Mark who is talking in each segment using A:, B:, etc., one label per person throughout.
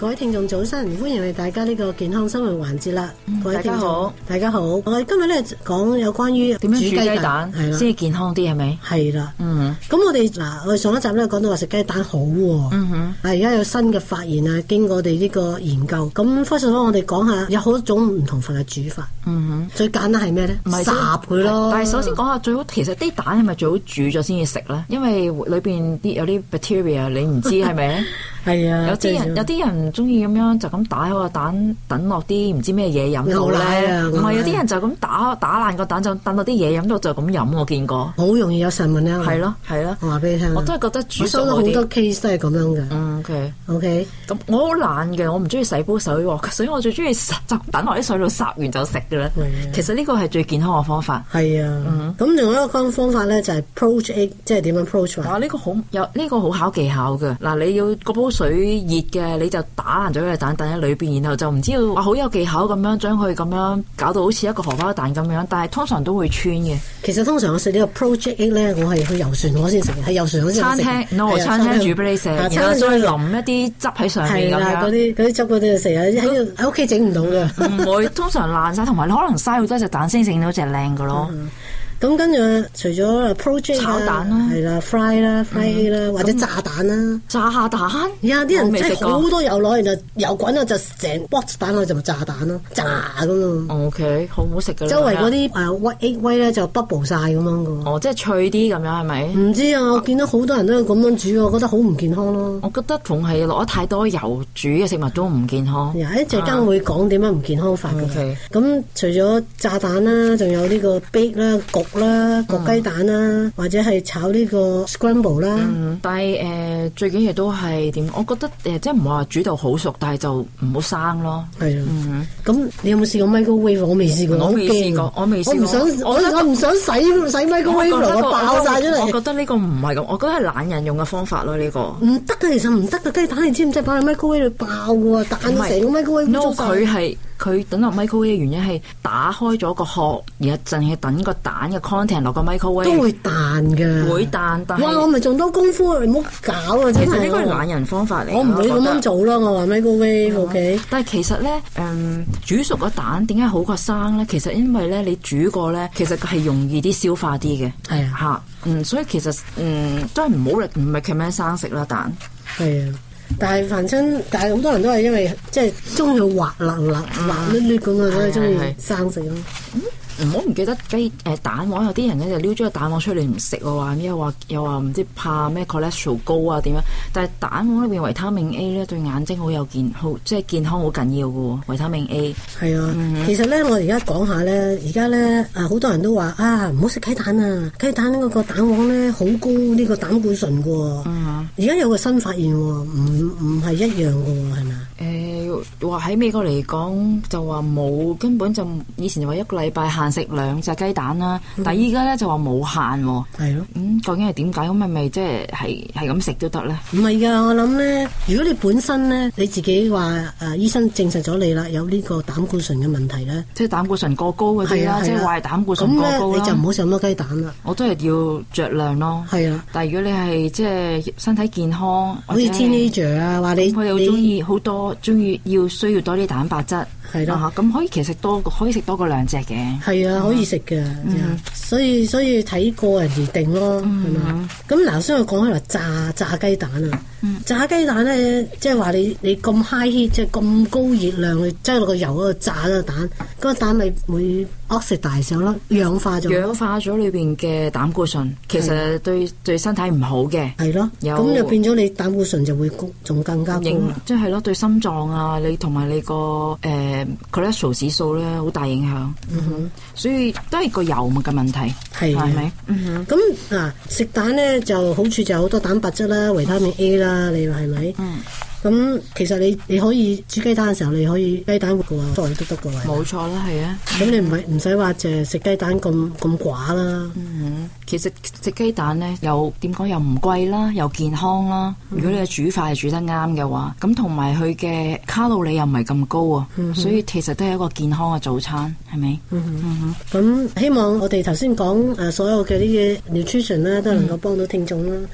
A: 各位聽眾早晨，歡迎嚟大家呢個健康生活環節啦。各位聽眾好，大家好，我哋今日咧講有關於點樣煮雞蛋，係啦，先、啊、
B: 健康啲係咪？係啦，啊、嗯哼。
A: 咁我哋嗱，我哋上一集咧講到話食雞蛋好、啊，嗯哼，啊而家有新嘅發現啊，經過我哋呢個研究，咁 first of all 我哋講下有好多種唔同份嘅煮法。最簡單係咩咧？烚佢咯。但係首先
B: 講下最好，其實啲蛋係咪最好煮咗先至食咧？因為裏邊啲有啲 bacteria，你唔知係咪？係啊。有啲人有啲人唔中意咁樣就咁打開個蛋，等落啲唔知咩嘢飲度咧。唔係有啲人就咁打打爛個蛋就等落啲嘢飲度就咁飲，我見過。好容易有細菌咧。係咯，係咯。我話俾你聽，我都係覺得煮熟啲。我收到好多
A: case 都係咁樣嘅。嗯，OK，OK。
B: 咁我好懶嘅，我唔中意洗煲水鑊，所以我最中意就等落啲水度烚完就食。其實呢個係最健康嘅方法。係啊，咁仲有一個方法咧，就係 poach egg，即係點樣 poach 啊？呢個好有呢個好考技巧嘅。嗱，你要個煲水熱嘅，你就打爛咗佢嘅蛋，燉喺裏邊，然後就唔知要。好有技巧咁樣將佢咁樣搞到好似一個荷包蛋咁樣，但係通常都會穿嘅。其實通常我食呢個 poach egg 咧，我係去游船我先食嘅，喺遊船餐廳 no 餐廳煮俾你食，然後再淋一啲汁喺上面。咁樣。
A: 嗰啲啲汁嗰啲就食啊，喺喺屋企整唔到嘅，唔會通
B: 常爛晒，同埋。可能嘥好多隻蛋先整到隻靚嘅咯。嗯咁跟住，除咗 Protein 啦，炒蛋啦，係啦
A: ，Fry 啦，Fry 啦，或者炸蛋啦，炸下蛋。而家啲人真係好多油攞，然
B: 就油滾咗就成 box 蛋，就炸蛋咯，炸咁啊。O K，好好食嘅。周圍嗰啲
A: 誒威 A 威咧就 bubble 曬咁樣嘅。
B: 哦，即係脆啲咁樣係咪？唔知
A: 啊，我見到好多人都係咁樣煮，我覺得好唔健康咯。我
B: 覺得同係落太多油煮嘅食物都唔健康。又一陣間會講點樣唔健康法嘅。咁除咗炸
A: 蛋啦，仲有呢個 Bake 啦，焗。啦，焗雞蛋啦，或者係炒呢個
B: scramble 啦。但係誒，最緊要都係點？我覺得誒，即係唔係話煮到好熟，但係就唔好生咯。係啊，咁你有冇試過 microwave？我未試過，我未試過，我未，我唔想，我我唔想使使 microwave，我爆晒出嚟。我覺得呢個唔係咁，我覺得係懶人用嘅方法咯。呢個
A: 唔得噶，其實唔得噶，雞蛋你知唔知擺喺 microwave 度爆噶？彈成 microwave 咁做晒。no，佢係。
B: 佢等落 microwave 原因係打開咗個殼，而一陣要等個蛋嘅 content 落個 microwave 都會彈㗎，會彈。但哇！我咪仲多功夫，啊、你唔好搞啊！其實呢個係懶人方法嚟。我唔會咁樣做啦，我話 microwave okay？啊。但係其實咧，嗯，煮熟個蛋點解好過生咧？其實因為咧，你煮過咧，其實係容易啲消化啲嘅。係、哎、呀啊，嚇，嗯，所以其實嗯都係唔好力，唔係 recommend 生食啦蛋。係啊。
A: 但係凡親，但係好多人都係因為即係鍾意滑溜溜、嗯、滑溜溜咁啊，所以鍾意生食咯。
B: 唔好唔記得雞誒蛋黃有啲人咧就撩咗個蛋黃出嚟唔食喎，話咩又話又話唔知怕咩 cholesterol 高啊點樣？但係蛋黃裏邊維他命 A 咧對眼睛好有健好即係健康好緊要嘅喎，維他命 A。係啊，嗯、哼其
A: 實咧我而家講下咧，而家咧啊好多人都話啊唔好食雞蛋啊，雞蛋嗰個蛋黃咧好高呢
B: 個膽固醇
A: 嘅喎。而家、嗯、哼有個新發現喎，唔唔係一樣嘅喎係咪。
B: 話喺美國嚟講就話冇，根本就以前就話一個禮拜限食兩隻雞蛋啦，但係依家咧就話冇限喎。係咯，咁究竟係點解咁咪咪即係係係咁食都得咧？唔係噶，我諗咧，如果你本身咧你自己
A: 話誒醫生證實咗你啦，有呢個膽固醇嘅問題咧，即係膽固醇過高嗰啲啦，即係話膽固醇過高你就唔好
B: 食咁多雞蛋啦。我都係要着量咯，係啊，但係如果你係即係身體健康，好似天蠍座啊話你，我又好中意好多中意要。要需要多啲蛋白質。係啦，咁可以其實多可以食多過兩隻嘅。
A: 係啊，可以食嘅，所以所以睇個人而定咯，係嘛。咁嗱，所以我講起嚟，炸炸雞蛋啊，炸雞蛋咧，即係話你你咁 high heat，即係咁高熱量去即係落個油嗰度炸個蛋，嗰個蛋咪會 oxide
B: 大上咯，氧化咗。氧化咗裏邊嘅膽固醇，其實對對身體唔好嘅。係咯，咁就變咗你膽固醇就會高，仲更加高。即係咯，對心臟啊，你同埋你個誒。誒，collapse 指數咧，好大影響， 所以都係個油咪嘅問題，係咪的？吧
A: 嗯哼，咁
B: 嗱、啊，食蛋呢就
A: 好處就有好多蛋白質啦、維他命 A 啦，你話係咪？嗯。咁其實你你可以煮雞蛋嘅時候，你可以雞蛋活嘅話，都得嘅喎。冇錯啦，係啊。咁你唔係唔使話
B: 淨係食雞蛋咁咁寡啦。其實食雞蛋呢，又點講又唔貴啦，又健康啦。如果你嘅煮法係煮得啱嘅話，咁同埋佢嘅卡路里又唔係咁高啊。所以其實都係一個健康嘅早餐，係咪？
A: 咁希望我哋頭先講誒所有嘅呢啲 nutrition 咧，都能夠幫到聽眾啦。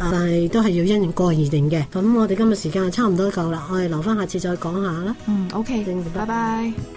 A: 但係都係要因人而定嘅。咁我哋今日時間。差唔多夠啦，我哋留返下次再講下啦。嗯，OK，拜拜。Bye bye。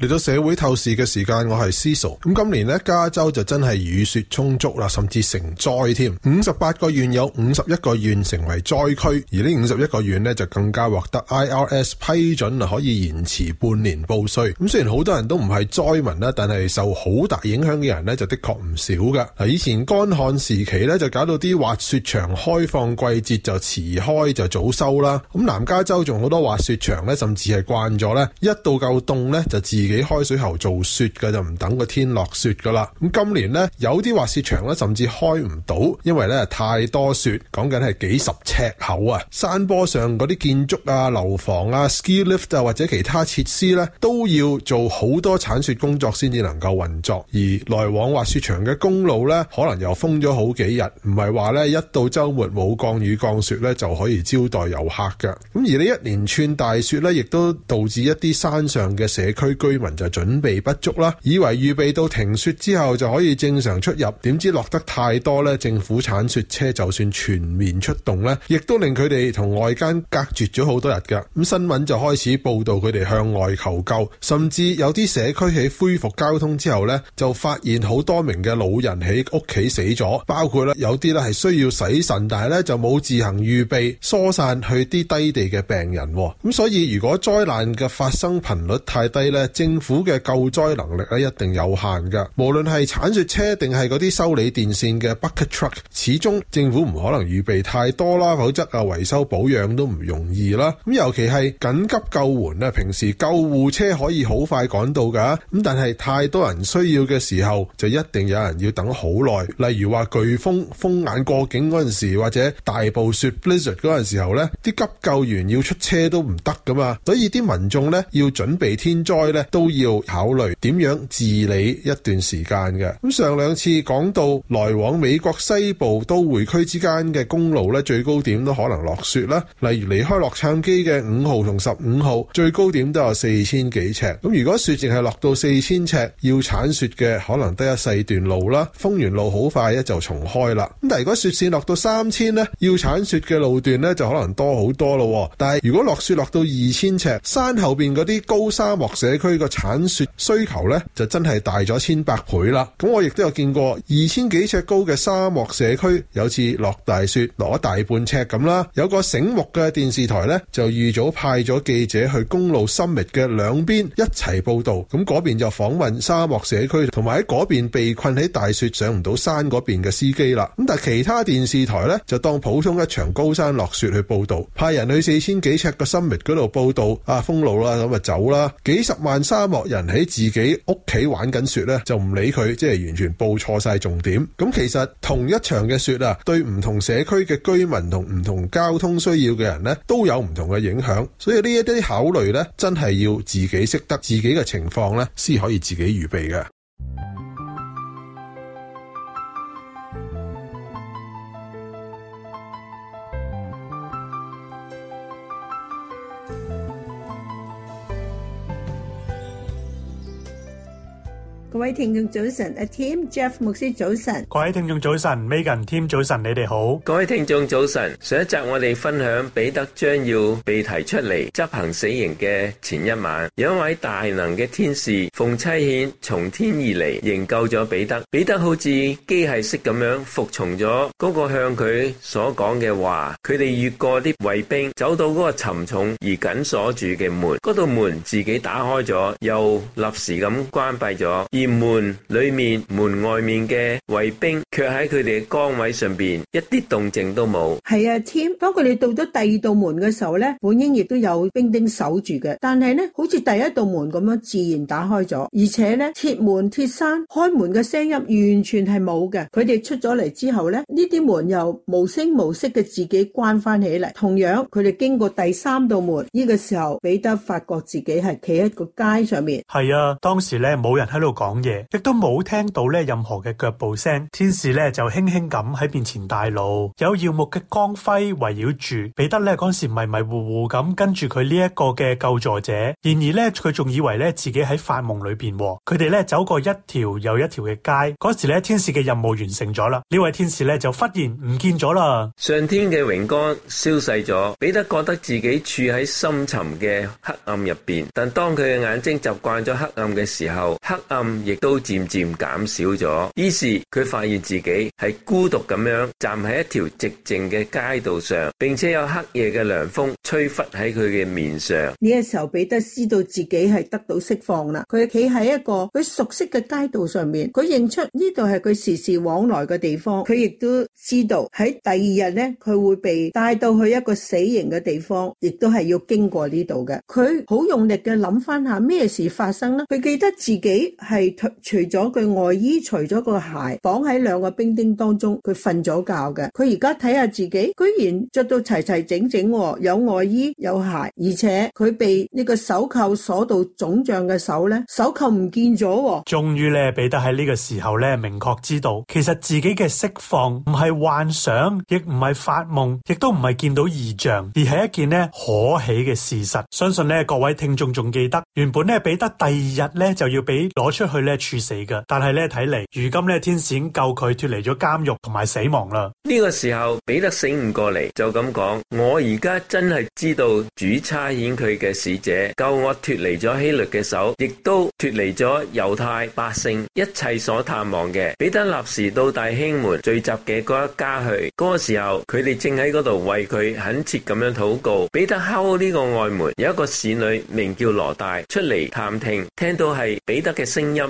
C: 嚟到社會透視嘅時間，我係思熟。咁今年咧，加州就真係雨雪充足啦，甚至成災添。五十八個縣有五十一個縣成為災區，而呢五十一個縣呢，就更加獲得 IRS 批准，可以延遲半年報稅。咁雖然好多人都唔係災民啦，但係受好大影響嘅人呢，就的確唔少噶。嗱，以前乾旱時期呢，就搞到啲滑雪場開放季節就遲開就早收啦。咁南加州仲好多滑雪場呢，甚至係慣咗呢，一到夠凍呢，就自己開水喉做雪嘅，就唔等個天落雪噶啦，咁今年呢，有啲滑雪場咧甚至開唔到，因為咧太多雪，講緊係幾十尺厚啊！山坡上嗰啲建築啊、樓房啊、ski lift 啊或者其他設施咧，都要做好多鏟雪工作先至能夠運作，而來往滑雪場嘅公路咧，可能又封咗好幾日，唔係話咧一到周末冇降雨降雪咧就可以招待遊客嘅。咁而呢一連串大雪咧，亦都導致一啲山上嘅社區居。就準備不足啦，以為預備到停雪之後就可以正常出入，點知落得太多咧，政府鏟雪車就算全面出動咧，亦都令佢哋同外間隔絕咗好多日㗎。咁、嗯、新聞就開始報道佢哋向外求救，甚至有啲社區喺恢復交通之後咧，就發現好多名嘅老人喺屋企死咗，包括咧有啲咧係需要洗腎，但係咧就冇自行預備疏散去啲低地嘅病人。咁、嗯、所以如果災難嘅發生頻率太低咧，政府嘅救災能力咧一定有限噶無論係鏟雪車定係嗰啲修理電線嘅 bucket truck，始終政府唔可能預備太多啦，否則啊維修保養都唔容易啦。咁尤其係緊急救援咧，平時救護車可以好快趕到噶，咁但係太多人需要嘅時候，就一定有人要等好耐。例如話颶風風眼過境嗰陣時，或者大暴雪 blizzard 嗰陣時候呢，啲急救員要出車都唔得噶嘛，所以啲民眾呢，要準備天災呢。都要考慮點樣治理一段時間嘅。咁上兩次講到來往美國西部都會區之間嘅公路咧，最高點都可能落雪啦。例如離開洛杉磯嘅五號同十五號，最高點都有四千幾尺。咁如果雪淨係落到四千尺，要鏟雪嘅可能得一細段路啦。封完路好快一就重開啦。咁但如果雪線落到三千咧，要鏟雪嘅路段咧就可能多好多咯。但係如果落雪落到二千尺，山後邊嗰啲高沙漠社區嘅。鏟雪需求咧就真係大咗千百倍啦！咁、嗯、我亦都有見過二千幾尺高嘅沙漠社區，有次落大雪，落咗大半尺咁啦。有個醒目嘅電視台呢，就預早派咗記者去公路 summit 嘅兩邊一齊報道，咁嗰邊就訪問沙漠社區，同埋喺嗰邊被困喺大雪上唔到山嗰邊嘅司機啦。咁、嗯、但係其他電視台呢，就當普通一場高山落雪去報道，派人去四千幾尺嘅 summit 嗰度報道啊封路啦，咁啊走啦，幾十萬山。沙漠人喺自己屋企玩緊雪咧，就唔理佢，即係完全報錯晒重點。咁其實同一場嘅雪啊，對唔同社區嘅居民同唔同交通需要嘅人咧，都有唔同嘅影響。所以呢一啲考慮咧，真係要自己識得自己嘅情況咧，先可以自己預備嘅。
D: 各位聽眾早
E: 晨，阿 Tim、Jeff 牧師早晨，各位聽眾早晨，Megan、Tim 早晨，你哋好，
F: 各位聽眾早晨。上一集我哋分享彼得將要被提出嚟執行死刑嘅前一晚，有一位大能嘅天使奉差遣從天而嚟營救咗彼得。彼得好似機械式咁樣服從咗嗰個向佢所講嘅話。佢哋越過啲衛兵，走到嗰個沉重而緊鎖住嘅門，嗰道門自己打開咗，又立時咁關閉咗。鐵門裏面，門外面嘅衛兵，却喺佢哋嘅崗位上面一啲動靜都冇。
D: 係啊，Tim。當佢哋到咗第二道門嘅時候呢，本應亦都有兵丁守住嘅，但係呢好似第一道門咁樣自然打開咗，而且呢鐵門鐵閂開門嘅聲音完全係冇嘅。佢哋出咗嚟之後呢，呢啲門又無聲無息嘅自己關翻起嚟。同樣，佢哋經過第三道門，呢個時候彼得發覺自己係企喺個街上面。
E: 係啊，當時呢冇人喺度講。講嘢，亦都冇聽到咧任何嘅腳步聲。天使咧就輕輕咁喺面前帶路，有耀目嘅光輝圍繞住彼得咧。嗰時迷迷糊糊咁跟住佢呢一個嘅救助者。然而咧，佢仲以為咧自己喺發夢裏邊。佢哋咧走過一條又一條嘅街。嗰時咧，天使嘅任務完成咗啦。呢位天使咧就忽然唔見咗啦。
F: 上天嘅榮光消逝咗，彼得覺得自己處喺深沉嘅黑暗入邊。但當佢嘅眼睛習慣咗黑暗嘅時候，黑暗。亦都漸漸減，減少咗，於是佢發現自己係孤獨咁樣站喺一條寂靜嘅街道上，並且有黑夜嘅涼風吹拂喺佢嘅面上。
D: 呢個時候，彼得知道自己係得到釋放啦。佢企喺一個佢熟悉嘅街道上面，佢認出呢度係佢時時往來嘅地方。佢亦都知道喺第二日呢，佢會被帶到去一個死刑嘅地方，亦都係要經過呢度嘅。佢好用力嘅諗翻下咩事發生啦。佢記得自己係。除咗佢外衣，除咗個鞋，綁喺兩個兵丁當中，佢瞓咗覺嘅。佢而家睇下自己，居然着到齊齊整整，哦，有外衣，有鞋，而且佢被呢個手銬鎖到腫脹嘅手咧，手銬唔見咗。哦。
E: 終於咧，彼得喺呢個時候咧，明確知道，其實自己嘅釋放唔係幻想，亦唔係發夢，亦都唔係見到異象，而係一件咧可喜嘅事實。相信咧，各位聽眾仲記得，原本咧彼得第二日咧就要俾攞出去，處死噶，但係咧睇嚟，如今呢，天使已經救佢脱離咗監獄同埋死亡啦。
F: 呢個時候，彼得醒唔過嚟，就咁講：我而家真係知道主差遣佢嘅使者救我脱離咗希律嘅手，亦都脱離咗猶太百姓一切所探望嘅。彼得立時到弟兄們聚集嘅嗰一家去，嗰、那個時候佢哋正喺嗰度為佢懇切咁樣禱告。彼得敲呢個外門，有一個侍女名叫羅大出嚟探聽，聽到係彼得嘅聲音。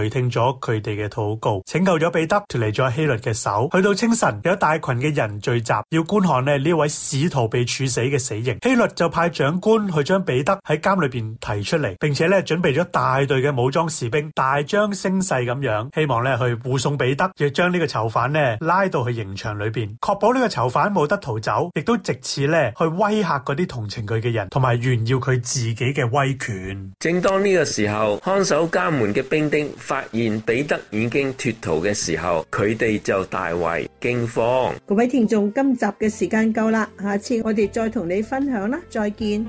E: 聆聽咗佢哋嘅禱告，拯救咗彼得脱離咗希律嘅手。去到清晨，有一大群嘅人聚集，要觀看咧呢位使徒被處死嘅死刑。希律就派長官去將彼得喺監裏邊提出嚟，並且咧準備咗大隊嘅武裝士兵，大張聲勢咁樣，希望咧去護送彼得，亦將呢個囚犯呢拉到去刑場裏邊，確保呢個囚犯冇得逃走，亦都借此咧去威嚇嗰啲同情佢嘅人，同埋炫耀佢自己嘅威
F: 權。正當呢個時候，看守監門嘅兵丁。發現彼得已經脫逃嘅時候，佢哋就大為驚慌。
D: 各位聽眾，今集嘅時間夠啦，下次我哋再同你分享啦，再見。